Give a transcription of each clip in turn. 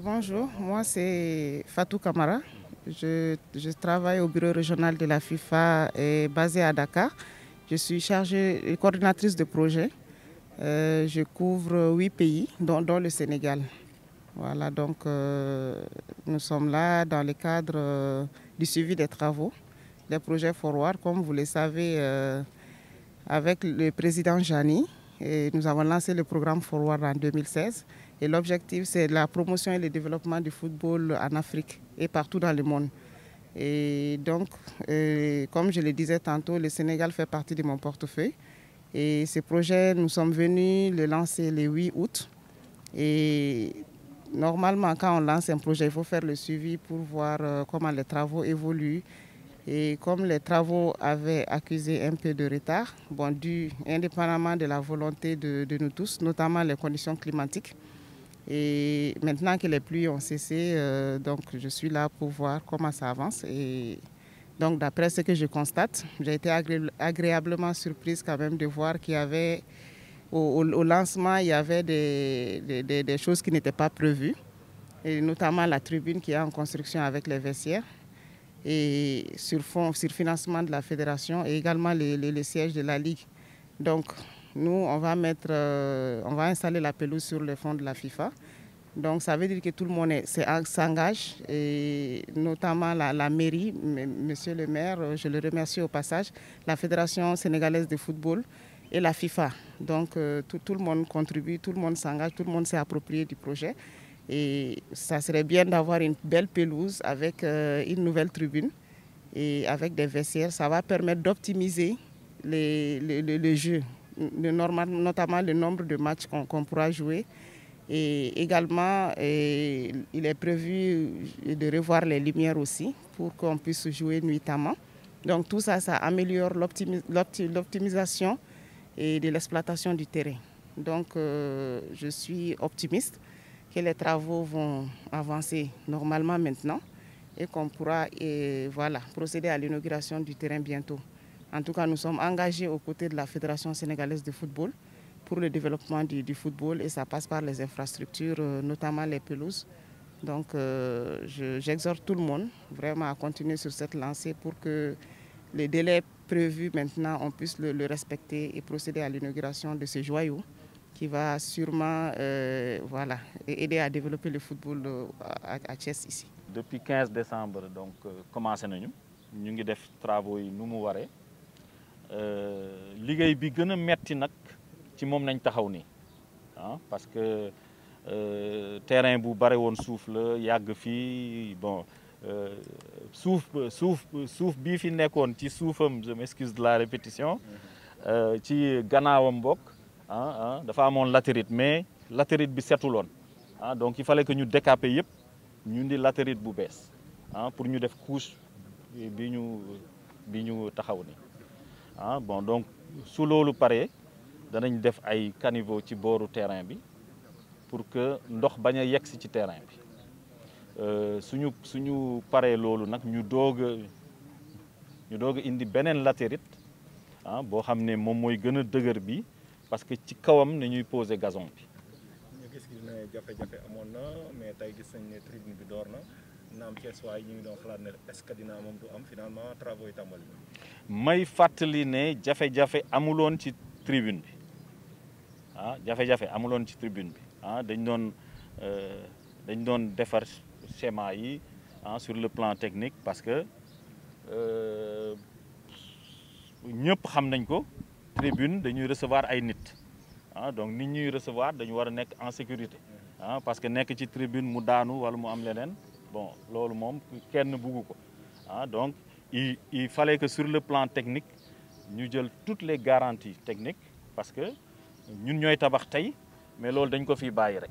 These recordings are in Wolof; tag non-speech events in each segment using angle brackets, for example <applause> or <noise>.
Bonjour, moi c'est Fatou Kamara. Je, travaille au bureau régional de la FIFA et basé à Dakar. Je suis chargée coordinatrice de projet. Euh, je couvre huit pays, dont, dont le Sénégal. Voilà, donc euh, nous sommes là dans le cadre euh, du suivi des travaux, des projets Forward, comme vous le savez, euh, avec le président Jani. nous avons lancé le programme Forward en 2016. Et l'objectif, c'est la promotion et le développement du football en Afrique et partout dans le monde. Et donc, comme je le disais tantôt, le Sénégal fait partie de mon portefeuille. Et ce projet, nous sommes venus le lancer le 8 août. Et Normalement, quand on lance un projet, il faut faire le suivi pour voir euh, comment les travaux évoluent. Et comme les travaux avaient accusé un peu de retard, bon, indépendamment de la volonté de, nous tous, notamment les conditions climatiques, et maintenant que les pluies ont cessé, euh, donc je suis là pour voir comment ça avance. Et donc d'après ce que je constate, j'ai été agréablement surprise quand même de voir qu'il y avait au, lancement, il y avait des, choses qui n'étaient pas prévues, et notamment la tribune qui est en construction avec les vestiaires, et sur, fond, sur financement de la fédération, et également le, siège de la Ligue. Donc, nous, on va, mettre, euh, on va installer la pelouse sur le fond de la FIFA. Donc ça veut dire que tout le monde s'engage, et notamment la, la, mairie, monsieur le maire, je le remercie au passage, la Fédération sénégalaise de football, et la FIFA. Donc euh, tout, le monde contribue, tout le monde s'engage, tout le monde s'est approprié du projet. Et ça serait bien d'avoir une belle pelouse avec euh, une nouvelle tribune et avec des vestiaires. Ça va permettre d'optimiser le jeu, notamment le nombre de matchs qu'on pourra jouer. Et également, il est prévu de revoir les lumières aussi pour qu'on puisse jouer nuitamment. Donc tout ça, ça améliore l'optimisation et de l'exploitation du terrain. Donc euh, je suis optimiste que les travaux vont avancer normalement maintenant et qu'on pourra et voilà, procéder à l'inauguration du terrain bientôt. En tout cas, nous sommes engagés aux côtés de la Fédération sénégalaise de football pour le développement du, football et ça passe par les infrastructures, euh, notamment les pelouses. Donc euh, j'exhorte tout le monde vraiment à continuer sur cette lancée pour que les délais prévus maintenant, on puisse le, respecter et procéder à l'inauguration de ce joyau qui va sûrement euh, voilà, aider à développer le football euh, à, à ici. Depuis 15 décembre, donc, euh, commencé nous. Nous avons fait des travaux nous avons waré euh liguey bi gëna metti nak ah, parce que le terrain est souffle, il y a yag fi bon euh, souf souf souf bi fi je m'excuse de la répétition euh, ci gannaawam bokk ah, ah, dafa latérite mais latérite bi ah, donc il fallait que nous décapions yépp ñu latérite pour ñu def couche bi ñu bi bon donc su loolu def ay ci terrain pour que ndox bañ a terrain Euh, suñu suñu paree loolu nag ñu doog ñu doog indi beneen latérite ah boo xam ne moom mooy gën a dëgër bi parce que ci kawam nañuy poser gazon bi. ñu gis ne jafe-jafe amoon na mais tey gis nañ ne bi door na naam Cees waay ñu ngi doon xalaat ne est-ce que dina moom du am finalement travaux yi may fàttali ne jafe-jafe amuloon ci tribune bi ah jafe-jafe amuloon ci tribune bi ah dañ doon euh, dañ doon defar. schéma hein, sur le plan technique parce que nous euh, xam nañ ko tribune dañuy recevoir ay nit Hein, donc nous ñuy recevoir dañu war en sécurité Hein, parce que les ci tribune mu daanu wala mu am leneen bon loolu moom kenn bugg ko ah donc il il fallait que sur le plan technique nous jël toutes les garanties techniques parce que ñun ñooy tabax tey mais loolu dañ ko fi bàyyi rek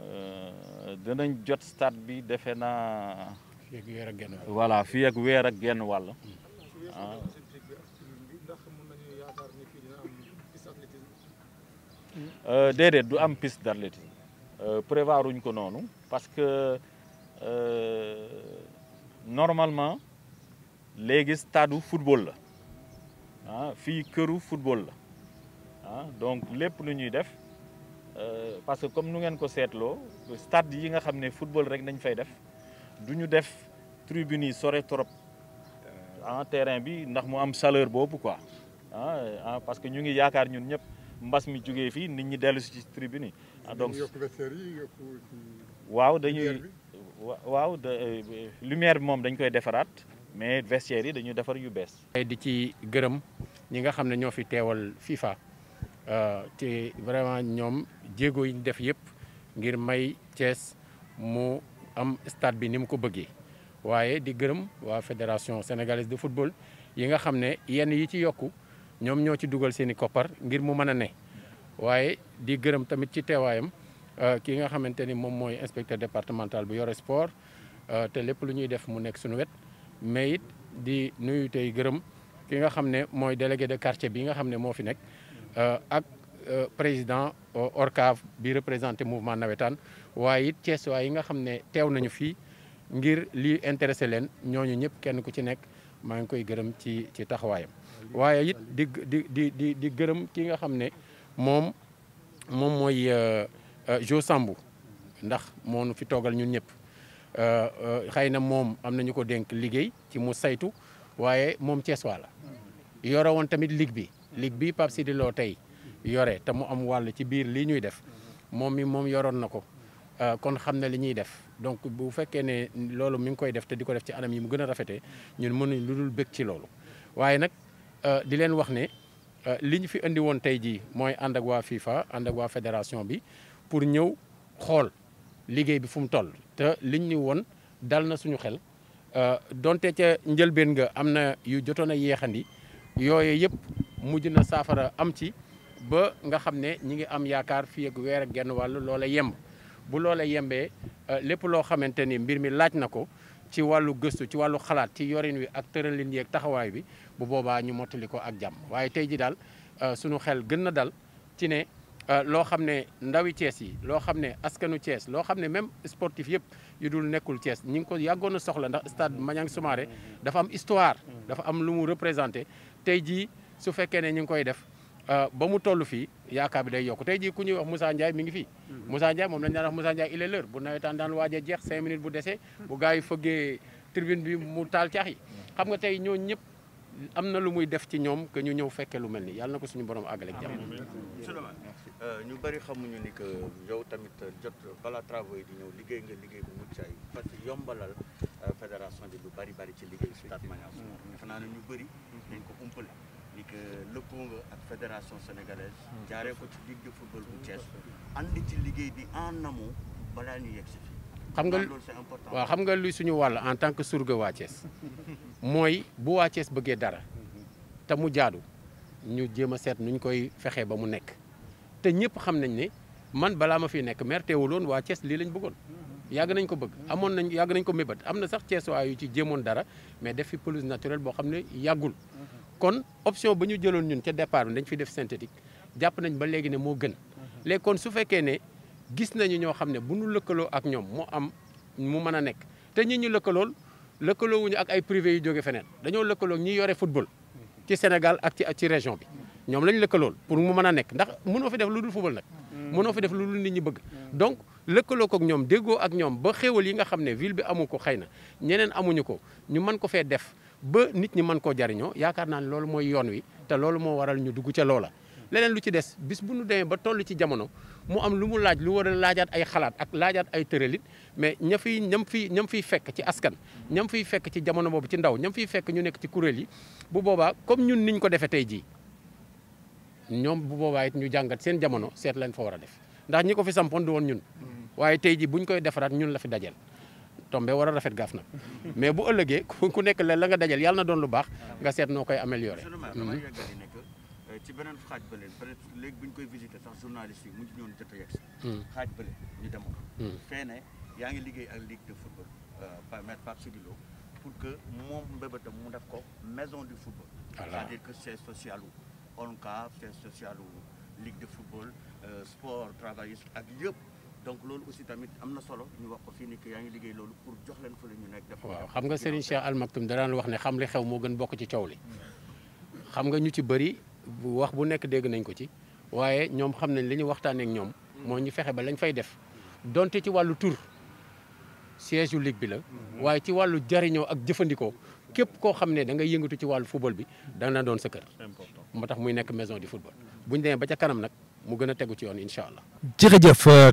Euh, dinañ jot stade bi defe naa. fii ak weer ak genn wàll. voilà fii ak weer ak genn wàll. Ah. Euh, déedéet du am piste d'athlétisme euh prévaruñ ko noonu parce que euh normalement léegi stade football la hein ah, fi keuru football la hein donc lépp lu def. Euh, parce que comme nous ngeen ko seetloo stade yi nga xamné ne football rek nañ fay def duñu def tribune sore trop euh, en terrain bi ndax mu am chaleur boobu quoi hein ah, ah, parce que ñu ngi yaakar ñun ñep mbas mi jógee fi nit ñi dellu ci tribune yi ah, donc waaw dañuy waaw euh, lumière mom dañ koy défarat mais vestiaire yi dañuy defar yu ay di ci gërëm ñi nga xamné ne ñoo fi teewal FIFA vraiment ñom jéego yi ñu def yëpp ngir may Thiès mu am stade bi ni mu ko bëggee waaye di gërëm waa fédération sénégalaise de football yi nga xam ne yenn yi ci yokk ñoom ñoo ci dugal seen i koppar ngir mu mën a ne waaye di gërëm tamit ci teewaayam euh, ki nga xamante ni moom mooy inspecteur départemental bu yore sport euh, te lépp lu ñuy def mu nekk suñu wet mais it di nuyu gërëm ki nga xam ne mooy délégué de quartier bi nga xam ne moo fi nekk euh, Euh, président qui euh, bi le mouvement nawetaan waye it yi nga xamné ne nañu fi ngir li intéressé ñoñu ñëpp kenn ku ci nek ma ngi koy gërëm ci ci taxawayam waye it di di di di gërëm ki nga xamné mom mom moy euh, Jo Sambou ndax mo nu fi togal ñun ñëpp euh mom dénk liggéey ci mu saytu waye mom la tamit ligue bi ligue bi yore te mu am wàll ci biir lii ñuy def moom mi moom yoroon na ko euh, kon xam na li ñuy def donc bu fekkee ne loolu mi ngi koy def te di ko def ci anam yi mu gën a rafete ñun mënuñ lu dul bëgg ci loolu waaye nag euh, di leen wax ne euh, li ñu fi indi woon tey jii mooy ànd ak waa FIFA ànd ak waa fédération bi pour ñëw xool liggéey bi fu mu toll te liñ ñu woon dal na suñu xel donte ca njëlbeen nga am na yu jotoon a yeexandi yooyu yëpp mujj na saafara am ci ba nga xam ne ñi ngi am yaakaar fii ak weer genn wàll loola yemb bu loola yembee euh, lépp loo xamante ni mbir mi laaj na ko ci wàllu gëstu ci wàllu xalaat ci yorin wi ak tëralin yeeg taxawaay bi bu boobaa ñu mottali ko ak jàmm waaye tey ji daal euh, sunu xel gën na dal ci ne euh, loo xam ne ndawi Thiès yi loo xam ne askanu cees loo xam ne même sportif yëpp yu dul nekkul cees ñi ngi ko yàggoon a soxla ndax stade Maniang Soumaré dafa am histoire dafa am lu mu représenté tey jii su fekkee ne ñu ngi koy def Euh, ba mu toll fii yaakaar bi day yokk tey jii ku ñuy wax Moussa Ndiaye mi ngi fii mhm. Moussa Ndiaye moom lañ daan wax Moussa Ndiaye il est l'heure bu nawetaan daan waaj jeex cinq minutes bu desee bu gars yi fëggee tribune bi mu taal caax yi xam nga tey ñoo ñëpp am na lu muy def ci ñoom que ñu ñëw fekkee lu mel ni yàlla na ko suñu borom àggale ak jàmm. monsieur euh, ñu bëri xamuñu ni que yow tamit jot bala travaux yi di ñëw liggéey nga liggéey bu mucc ayib parce que yombalal euh, fédération bi lu bari bari ci liggéey stade Maniang Sport defe naa ne ñu bëri mhm. dañ ko et que lëppoo ak fédération sénégalaise hmm. jaaree ko ci ligue de football bu Thiès ànd ci liggéey bi en amont balaa ñu yegg si fii xam nga xam nga luy suñu wàll en tant que surga waa <laughs> mooy bu waa bëggee dara te mu jaadu ñu jéem a seet nuñ koy fexee ba mu nekk te ñëpp xam nañ ne man balaa ma fi nekk maire teewuloon waa Thiès lii lañ bëggoon yàgg nañ ko bëgg amoon nañ yàgg nañ ko mébat am na sax Thiès waayu ci jéemoon dara mais def fi pelouse naturelle boo xam ne yàggul mhm. kon option bañu jëlone ñun ci départ dañ fi def synthétique japp nañ ba légui né mo gën léegi kon su féké né gis nañu ñoo xamné bu ñu lëkkaloo ak ñom mo am mu mëna nek té ñi ñu lëkkalool lëkkaloo wuñu ak ay privé yu joggé fenen dañoo lëkkaloo ñi yoré football ci Sénégal ak ci ci région bi ñom lañ lëkkalool pour mu mëna nek ndax mëno fi def lu football nak mm. mëno fi def lu nit ñi bëgg mm. donc lëkkaloo ko ak ñom déggoo ak ñom ba xéewal yi nga xamné ville bi amu ko xëy na amuñu ko ñu mën ko fee def ba nit ñi mën koo jariñoo yaakaar naa ne loolu mooy yoon wi te loolu moo waral ñu dugg ca loola leneen lu ci des bis bu ñu demee ba toll ci jamono mu am lu mu laaj lu war a laajaat ay xalaat ak laajaat ay tëralit mais ña fiy ñam fiy ñam fiy fekk ci askan ñam fiy fekk ci jamono boobu ci ndaw ñam fiy fekk ñu nekk ci kuréel yi bu boobaa comme ñun ni ñu ko defee tey jii ñoom bu boobaa it ñu jàngat seen jamono seet lañ fa war a def ndax ñi ko fi sampoon du woon ñun mm. waaye tey jii buñ koy defaraat ñun la fi dajeel tombé war rafet gaaf nag mais bu ëllëgee ku nekk la nga dajal yalla na doon lu baax nga seet noo koy améliorer. Mhm. Euh, ci benen xaaj bële peut-être léegi bu koy visiter sax journaliste yi mujj ñoon jot a yegg si mhm. ñu dem ko mhm. feene yaa ngi liggéey ak ligue de football euh, maître Pape Sidi Lo pour que mom mbébétam mu def ko maison du football c'est-à-dire que c'est social u ONCAV c'est social u ligue de football euh, sport travailliste ak yëpp donc loolu aussi tamit am na solo ñu wax ko fii ni yaa ngi liggéey loolu pour jox leen fa la ñu nekk. waaw xam nga Serigne Cheikh Al Maktoum danaan wax ne xam li xew moo gën bokk ci coow li xam nga ñu ci bëri wax bu nekk dégg nañ ko ci waaye ñoom xam nañ li ñu waxtaaneek ñoom. moo ñu fexe ba lañ fay def donte ci wàllu tur siège yu bi la. waaye ci wàllu jariñoo ak jëfandikoo. képp koo xam ne dangay ngay ci wàllu football bi da na doon sa kër. moo tax muy nekk maison du football bu ñu demee ba ca kanam nag. mu gën a ci yoon incha allah. jërëjëf euh,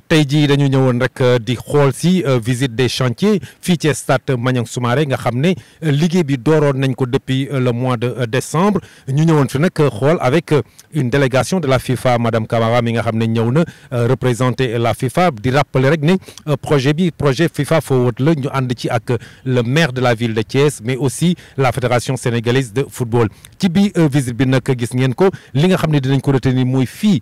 dañu ñëwoon rek euh, di xol si euh, visite des chantiers fii ci stade Maniang Soumaré nga xamné ne liggéey bi dooroon nañ ko depuis le mois de décembre ñu ñëwoon fi nak xol avec une délégation de la FIFA madame Camara mi nga xamné ñëw na représenter la FIFA di rappeler rek né projet bi projet FIFA Forward Le ñu and ci ak le maire de la ville de Thiès mais aussi la fédération sénégalaise de football ci bi visite bi nak gis ngeen ko li nga xamné dinañ ko retenir moy fi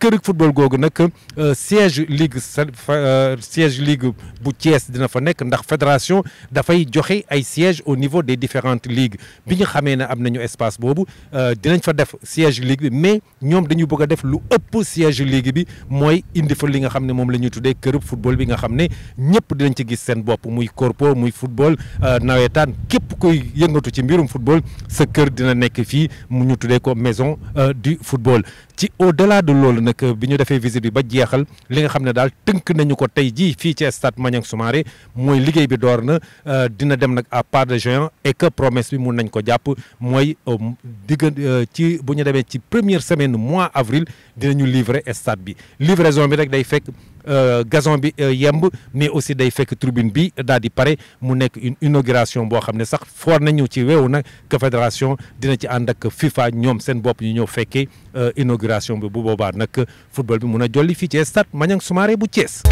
kër football googu nag euh, siège ligue euh, siège ligue bu ties dina fa nek ndax fédération fay joxe ay siège au niveau des différentes ligues biñu xamé na ne am nañu espace bobu euh, dinañ fa def siège ligue bi mais ñom dañu bëgg def lu ëpp siège ligue bi moy indi fa li nga xamné mom lañu la ñuy football bi nga xamné ne dinañ ci gis sen bop muy corpo muy football nawetaan képp koy yëngatu ci mbirum football sa kër dina nek fi mu ñu tuddee ko maison du football. ci au delà de loolu nag bi ñu defee visite bi ba jeexal li nga xam ne daal tënk nañu ko tey jii fii ci stade Maniang Soumaré mooy liggéey bi door na euh, dina dem nag à pas de géant et que promesse bi mun nañ ko jàpp mooy euh, diggan euh, ci bu ñu demee ci première semaine mois avril dinañu livre stade bi livraison bi rek day fekk. Euh, gazon bi euh, yemb mais aussi day fekk turbine bi daal di pare mu nek une inauguration bo xamné sax for nañu ci weewu nak que fédération dina ci and ak FIFA ñom sen bop ñu ñëw fekkee euh, inauguration bi bu boobaa nak football bi mun a jolli ci stade mañang Soumaré bu Thiès.